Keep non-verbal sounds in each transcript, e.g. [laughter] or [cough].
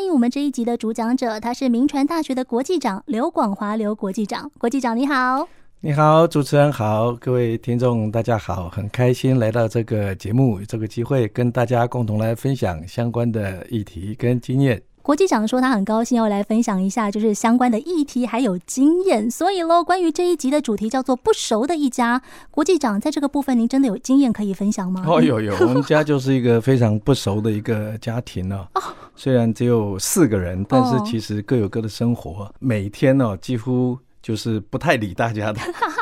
歡迎我們這一集的主講者，他是銘傳大學的國際長劉廣華，劉國際長。國際長你好。你好，主持人好，各位聽眾大家好，很開心來到這個節目，這個機會跟大家共同來分享相關的議題跟經驗。國際長說他很高興要來分享一下，就是相關的議題還有經驗。所以嘍，關於這一集的主題叫做“不熟的一家”。國際長在這個部分，您真的有經驗可以分享嗎？哦，有有，我們家就是一個非常不熟的一個家庭哦， [laughs] 雖然只有四個人，但是其實各有各的生活，哦、每天呢、哦、幾乎就是不太理大家的。 [laughs]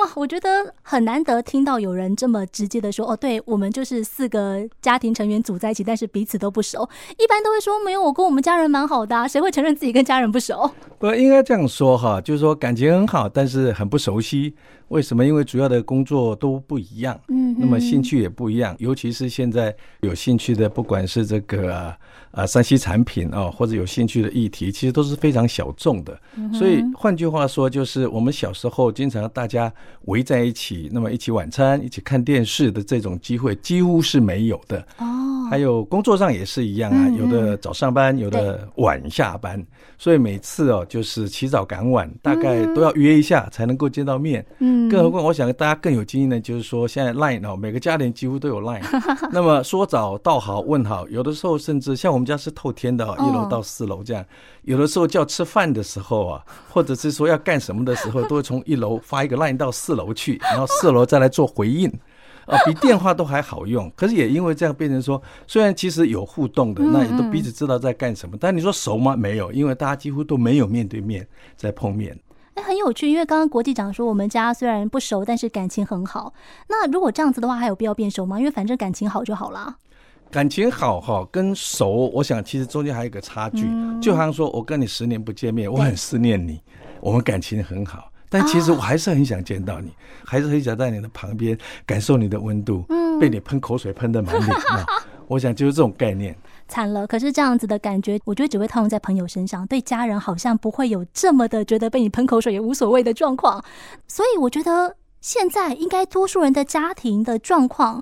哇，我覺得很難得聽到有人這麼直接的說哦，對我們就是四個家庭成員組在一起，但是彼此都不熟。一般都會說，沒有我跟我們家人蠻好的啊，誰會承認自己跟家人不熟？不，應該這樣說哈，就是說感情很好，但是很不熟悉。為什麼？因為主要的工作都不一樣，嗯哼，那麼興趣也不一樣，尤其是現在有興趣的，不管是這個啊，啊山西產品哦啊，或者有興趣的議題，其實都是非常小眾的。嗯哼，所以換句話說，就是我們小時候經常大家。圍在一起，那麼一起晚餐，一起看電視的這種機會幾乎是沒有的。還有工作上也是一樣啊，有的早上班，有的晚下班，所以每次哦，就是起早趕晚，大概都要約一下才能夠見到面。嗯，更何況我想大家更有經驗的，就是說現在 LINE 哦、啊，每個家庭幾乎都有 LINE，那麼說早到好問好，有的時候甚至像我們家是透天的、啊，一樓到四樓這樣，有的時候叫吃飯的時候啊，或者是說要幹什麼的時候，都會從一樓發一個 LINE 到四樓去，然後四樓再來做回應。啊，比電話都還好用，可是也因為這樣變成說，雖然其實有互動的，那也都彼此知道在幹什麼，嗯嗯但你說熟嗎？沒有，因為大家幾乎都沒有面對面在碰面。哎、欸，很有趣，因為剛剛國際長說，我們家雖然不熟，但是感情很好。那如果這樣子的話，還有必要變熟嗎？因為反正感情好就好啦。感情好哈，跟熟，我想其實中間還有一個差距，嗯、就好像說我跟你十年不見面，我很思念你，對我們感情很好。但其實我還是很想見到你，啊、還是很想在你的旁邊感受你的溫度，嗯、被你噴口水噴得滿臉啊！ [laughs] 我想就是這種概念。慘了，可是這樣子的感覺，我覺得只會套用在朋友身上，對家人好像不會有這麼的覺得被你噴口水也無所謂的狀況。所以我覺得現在應該多數人的家庭的狀況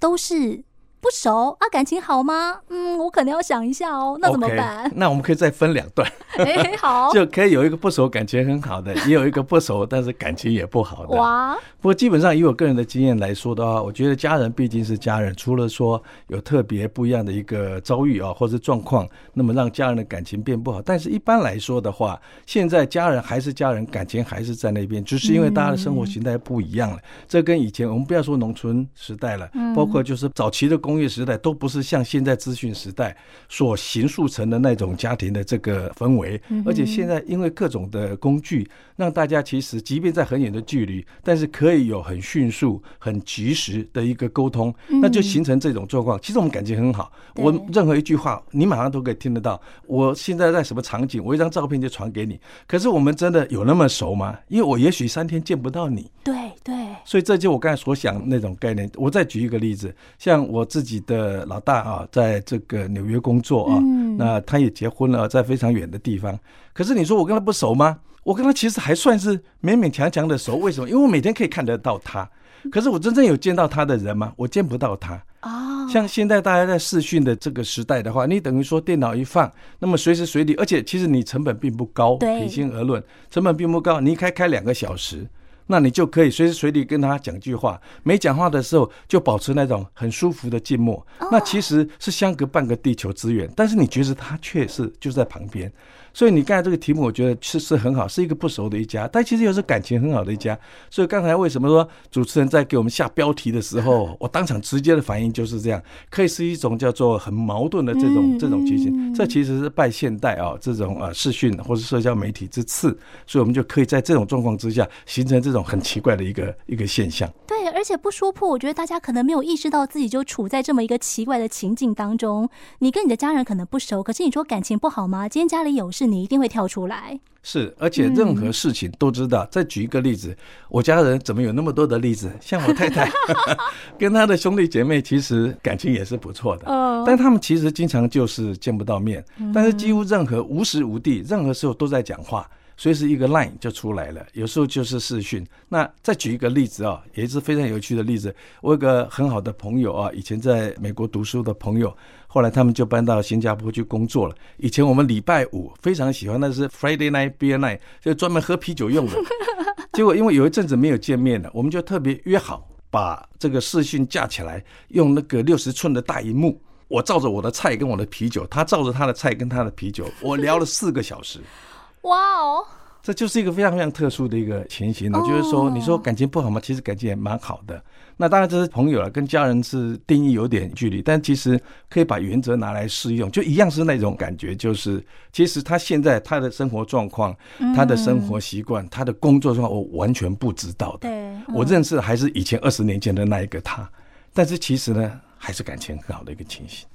都是。不熟啊，感情好嗎？嗯，我可能要想一下哦。那怎麼辦？Okay, 那我們可以再分兩段。哎，好，就可以有一個不熟，感情很好的，也有一個不熟， [laughs] 但是感情也不好的。哇！不過基本上以我個人的經驗來說的話，我覺得家人畢竟是家人，除了說有特別不一樣的一個遭遇啊，或者是狀況，那麼讓家人的感情變不好。但是一般來說的話，現在家人還是家人，感情還是在那邊，只、就是因為大家的生活形態不一樣了。嗯、這跟以前我們不要說農村時代了，嗯、包括就是早期的工。工業時代都不是像現在資訊時代所形塑成的那種家庭的這個氛圍，而且現在因為各種的工具，讓大家其實即便在很遠的距離，但是可以有很迅速、很及時的一個溝通，那就形成這種狀況。其實我們感情很好，我任何一句話你馬上都可以聽得到。我現在在什麼場景，我一張照片就傳給你。可是我們真的有那麼熟嗎？因為我也許三天見不到你。對對。所以這就我剛才所想的那種概念。我再舉一個例子，像我自自己的老大啊，在這個紐約工作啊，嗯、那他也結婚了，在非常遠的地方。可是你說我跟他不熟嗎？我跟他其實還算是勉勉強強的熟。為什麼？因為我每天可以看得到他。可是我真正有見到他的人嗎？我見不到他啊。哦、像現在大家在視訊的這個時代的話，你等於說電腦一放，那麼隨時隨地，而且其實你成本並不高。對，平心而論，對 成本並不高。你一開開兩個小時。那你就可以隨時隨地跟他講句話，沒講話的時候就保持那種很舒服的靜默。Oh. 那其實是相隔半個地球之遠，但是你覺得他確實就在旁邊。所以你剛才這個題目，我覺得其實很好，是一個不熟的一家，但其實又是感情很好的一家。所以剛才為什麼說主持人在給我們下標題的時候，我當場直接的反應就是這樣，可以是一種叫做很矛盾的這種這種情形。這其實是拜現代啊、哦、這種啊視訊或是社交媒體之賜，所以我們就可以在這種狀況之下形成這種很奇怪的一個一個現象。對，而且不說破，我覺得大家可能沒有意識到自己就處在這麼一個奇怪的情境當中。你跟你的家人可能不熟，可是你說感情不好嗎？今天家裡有事，是你一定會跳出來，是，而且任何事情都知道。嗯、再舉一個例子，我家人怎麼有那麼多的例子？像我太太 [laughs] [laughs] 跟他的兄弟姐妹，其實感情也是不錯的，哦、但他們其實經常就是見不到面，但是幾乎任何無時無地，任何時候都在講話。所以是一個 line 就出來了，有時候就是視訊。那再舉一個例子啊，也是非常有趣的例子。我有個很好的朋友啊，以前在美國讀書的朋友，後來他們就搬到新加坡去工作了。以前我們禮拜五非常喜歡那是 Friday night beer night，就專門喝啤酒用的。 [laughs] 結果因為有一陣子沒有見面了，我們就特別約好把這個視訊架起來，用那個六十寸的大熒幕，我照着我的菜跟我的啤酒，他照着他的菜跟他的啤酒，我聊了四個小時。 [laughs] 哇哦！Wow，這就是一個非常非常特殊的一個情形了，嗯、就是說，你說感情不好嗎？其實感情也蠻好的。那當然這是朋友了，跟家人是定義有點距離，但其實可以把原則拿來適用，就一樣是那種感覺，就是其實他現在他的生活狀況、嗯、他的生活習慣、他的工作狀況，我完全不知道的。嗯、我認識的還是以前二十年前的那一個他，但是其實呢，還是感情很好的一個情形。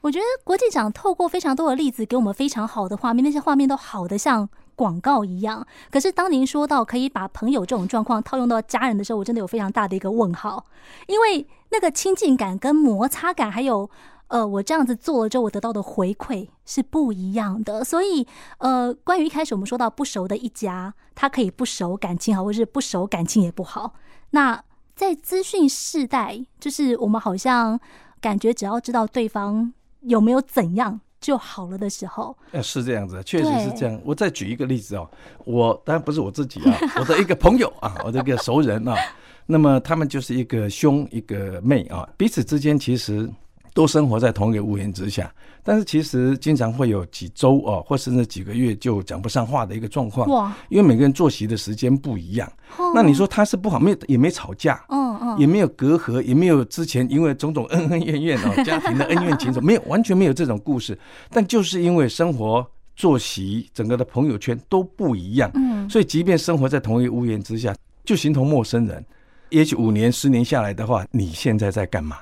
我覺得國際長透過非常多的例子，給我們非常好的畫面，那些畫面都好的像廣告一樣。可是當您說到可以把朋友這種狀況套用到家人的時候，我真的有非常大的一個問號，因為那個親近感跟摩擦感，還有呃，我這樣子做了之後我得到的回饋是不一樣的。所以呃，關於一開始我們說到不熟的一家，他可以不熟感情好，或者是不熟感情也不好。那在資訊世代，就是我們好像感覺只要知道對方。有沒有怎樣就好了的時候？呃、啊，是這樣子，確實是這樣。對我再舉一個例子哦，我當然不是我自己啊， [laughs] 我的一個朋友啊，我的一個熟人啊， [laughs] 那麼他們就是一個兄，一個妹啊，彼此之間其實。都生活在同一個屋檐之下，但是其實經常會有幾周啊、哦，或甚至幾個月就講不上話的一個狀況。哇！因為每個人作息的時間不一樣。哦、那你說他是不好，沒有，也沒吵架。哦哦、也沒有隔閡，也沒有之前因為種種恩恩怨怨哦，家庭的恩怨情仇， [laughs] 沒有，完全沒有這種故事。但就是因為生活作息整個的朋友圈都不一樣。嗯、所以，即便生活在同一個屋檐之下，就形同陌生人。也許五年、十年下來的話，你現在在幹嘛？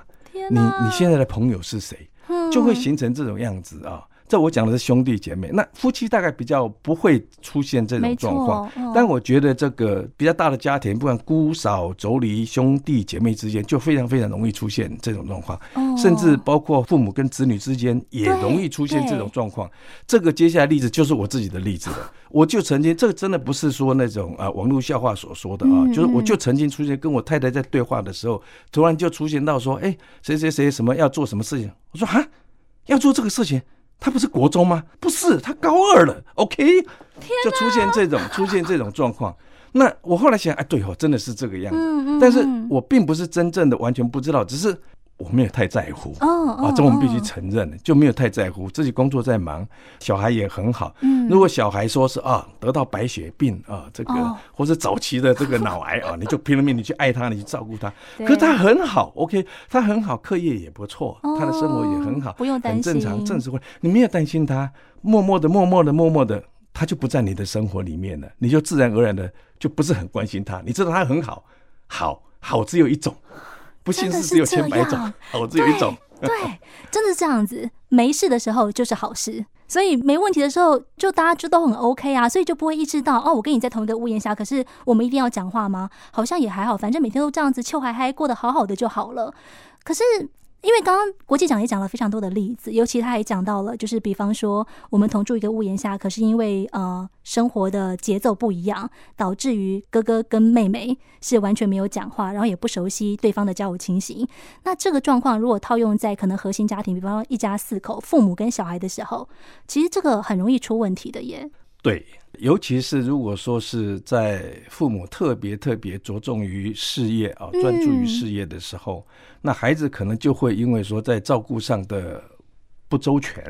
你你現在的朋友是誰？就會形成這種樣子啊。 [noise] 這我講的是兄弟姐妹，那夫妻大概比較不會出現這種狀況，沒錯，但我覺得這個比較大的家庭，哦、不管姑嫂、妯娌、兄弟姐妹之間，就非常非常容易出現這種狀況，哦、甚至包括父母跟子女之間也容易出現這種狀況。哦、這個接下來例子就是我自己的例子了， [laughs] 我就曾經這個真的不是說那種啊網絡笑話所說的啊，嗯、就是我就曾經出現跟我太太在對話的時候，突然就出現到說，哎、欸，誰誰誰什麼要做什麼事情。我說啊，要做這個事情。他不是國中嗎？不是，他高二了。OK，天啊，就出現這種出現這種狀況。那我後來想，哎，對哦，真的是這個樣子。嗯嗯嗯，但是我並不是真正的完全不知道，只是。我沒有太在乎，oh, oh, oh. 啊，這我們必須承認，就沒有太在乎。自己工作在忙，小孩也很好。嗯、如果小孩說是啊，得到白血病啊，這個、oh. 或者早期的這個腦癌啊，你就拼了命 [laughs] 你去愛他，你去照顧他。可是他很好對，OK，他很好，課業也不錯，oh, 他的生活也很好，不用擔心，很正常，正式會你沒有擔心他，默默的，默默的，默默的，他就不在你的生活裡面了，你就自然而然的就不是很關心他。你知道他很好，好，好只有一種。不幸是有千百種，我自己有一種。對，真的這樣子，沒事的時候就是好事， [laughs] 所以沒問題的時候就大家就都很 OK 啊，所以就不會意識到哦，我跟你在同一個屋檐下，可是我們一定要講話嗎？好像也還好，反正每天都這樣子，秋還嗨過得好好的就好了。可是。因為剛剛國際長也講了非常多的例子，尤其他也講到了，就是比方說我們同住一個屋檐下，可是因為呃生活的節奏不一樣，導致於哥哥跟妹妹是完全沒有講話，然後也不熟悉對方的交友情形。那這個狀況如果套用在可能核心家庭，比方一家四口，父母跟小孩的時候，其實這個很容易出問題的耶。對，尤其是如果說是在父母特別特別着重於事業啊，嗯、專注於事業的時候，那孩子可能就會因為說在照顧上的不周全。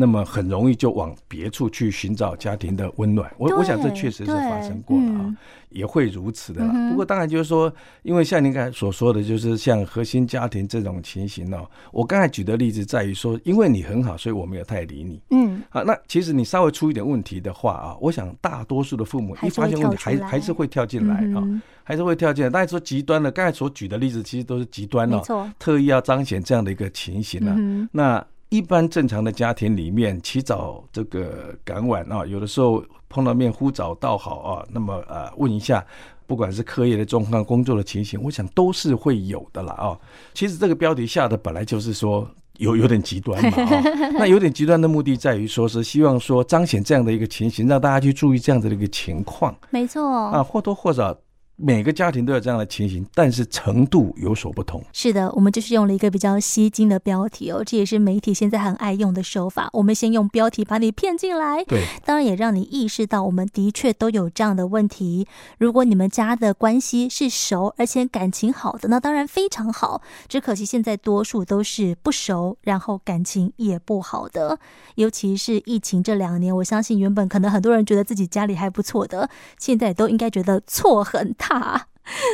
那麼很容易就往別處去尋找家庭的溫暖。對我我想這確實是發生過的啊，對也會如此的啦。嗯、哼不過當然就是說，因為像您剛才所說的，就是像核心家庭這種情形呢、喔，我剛才舉的例子在於說，因為你很好，所以我沒有太理你。嗯，好，那其實你稍微出一點問題的話啊，我想大多數的父母一發現問題，還還是會跳進來啊，還是會跳進來。但、嗯、哼是說極端的，剛才所舉的例子其實都是極端了、喔，錯特意要彰顯這樣的一個情形了、啊。嗯、哼那。一般正常的家庭裡面，起早這個趕晚啊，有的時候碰到面呼早到好啊。那麼啊，問一下，不管是課業的狀況、工作的情形，我想都是會有的啦。啊。其實這個標題下的本來就是說有有點極端嘛、啊、那有點極端的目的在於說是希望說彰顯這樣的一個情形，讓大家去注意這樣的一個情況。沒錯啊，或多或少。每個家庭都有這樣的情形，但是程度有所不同。是的，我們就是用了一個比較吸睛的標題哦，這也是媒體現在很愛用的手法。我們先用標題把你騙進來，對，當然也讓你意識到我們的確都有這樣的問題。如果你們家的關係是熟，而且感情好的，那當然非常好。只可惜現在多數都是不熟，然後感情也不好的。尤其是疫情這兩年，我相信原本可能很多人覺得自己家裡還不錯的，現在都應該覺得錯很大。哈，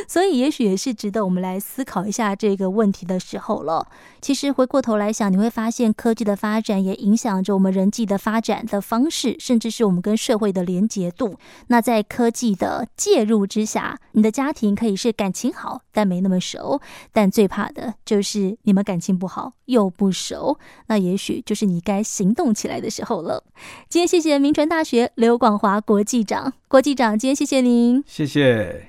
所以也許也是值得我們來思考一下這個問題的時候了。其實回過頭來想，你會發現科技的發展也影響着我們人際的發展的方式，甚至是我們跟社會的連接度。那在科技的介入之下，你的家庭可以是感情好但沒那麼熟，但最怕的就是你們感情不好又不熟。那也許就是你該行動起來的時候了。今天謝謝銘傳大學劉廣華國際長，國際長今天謝謝您，謝謝。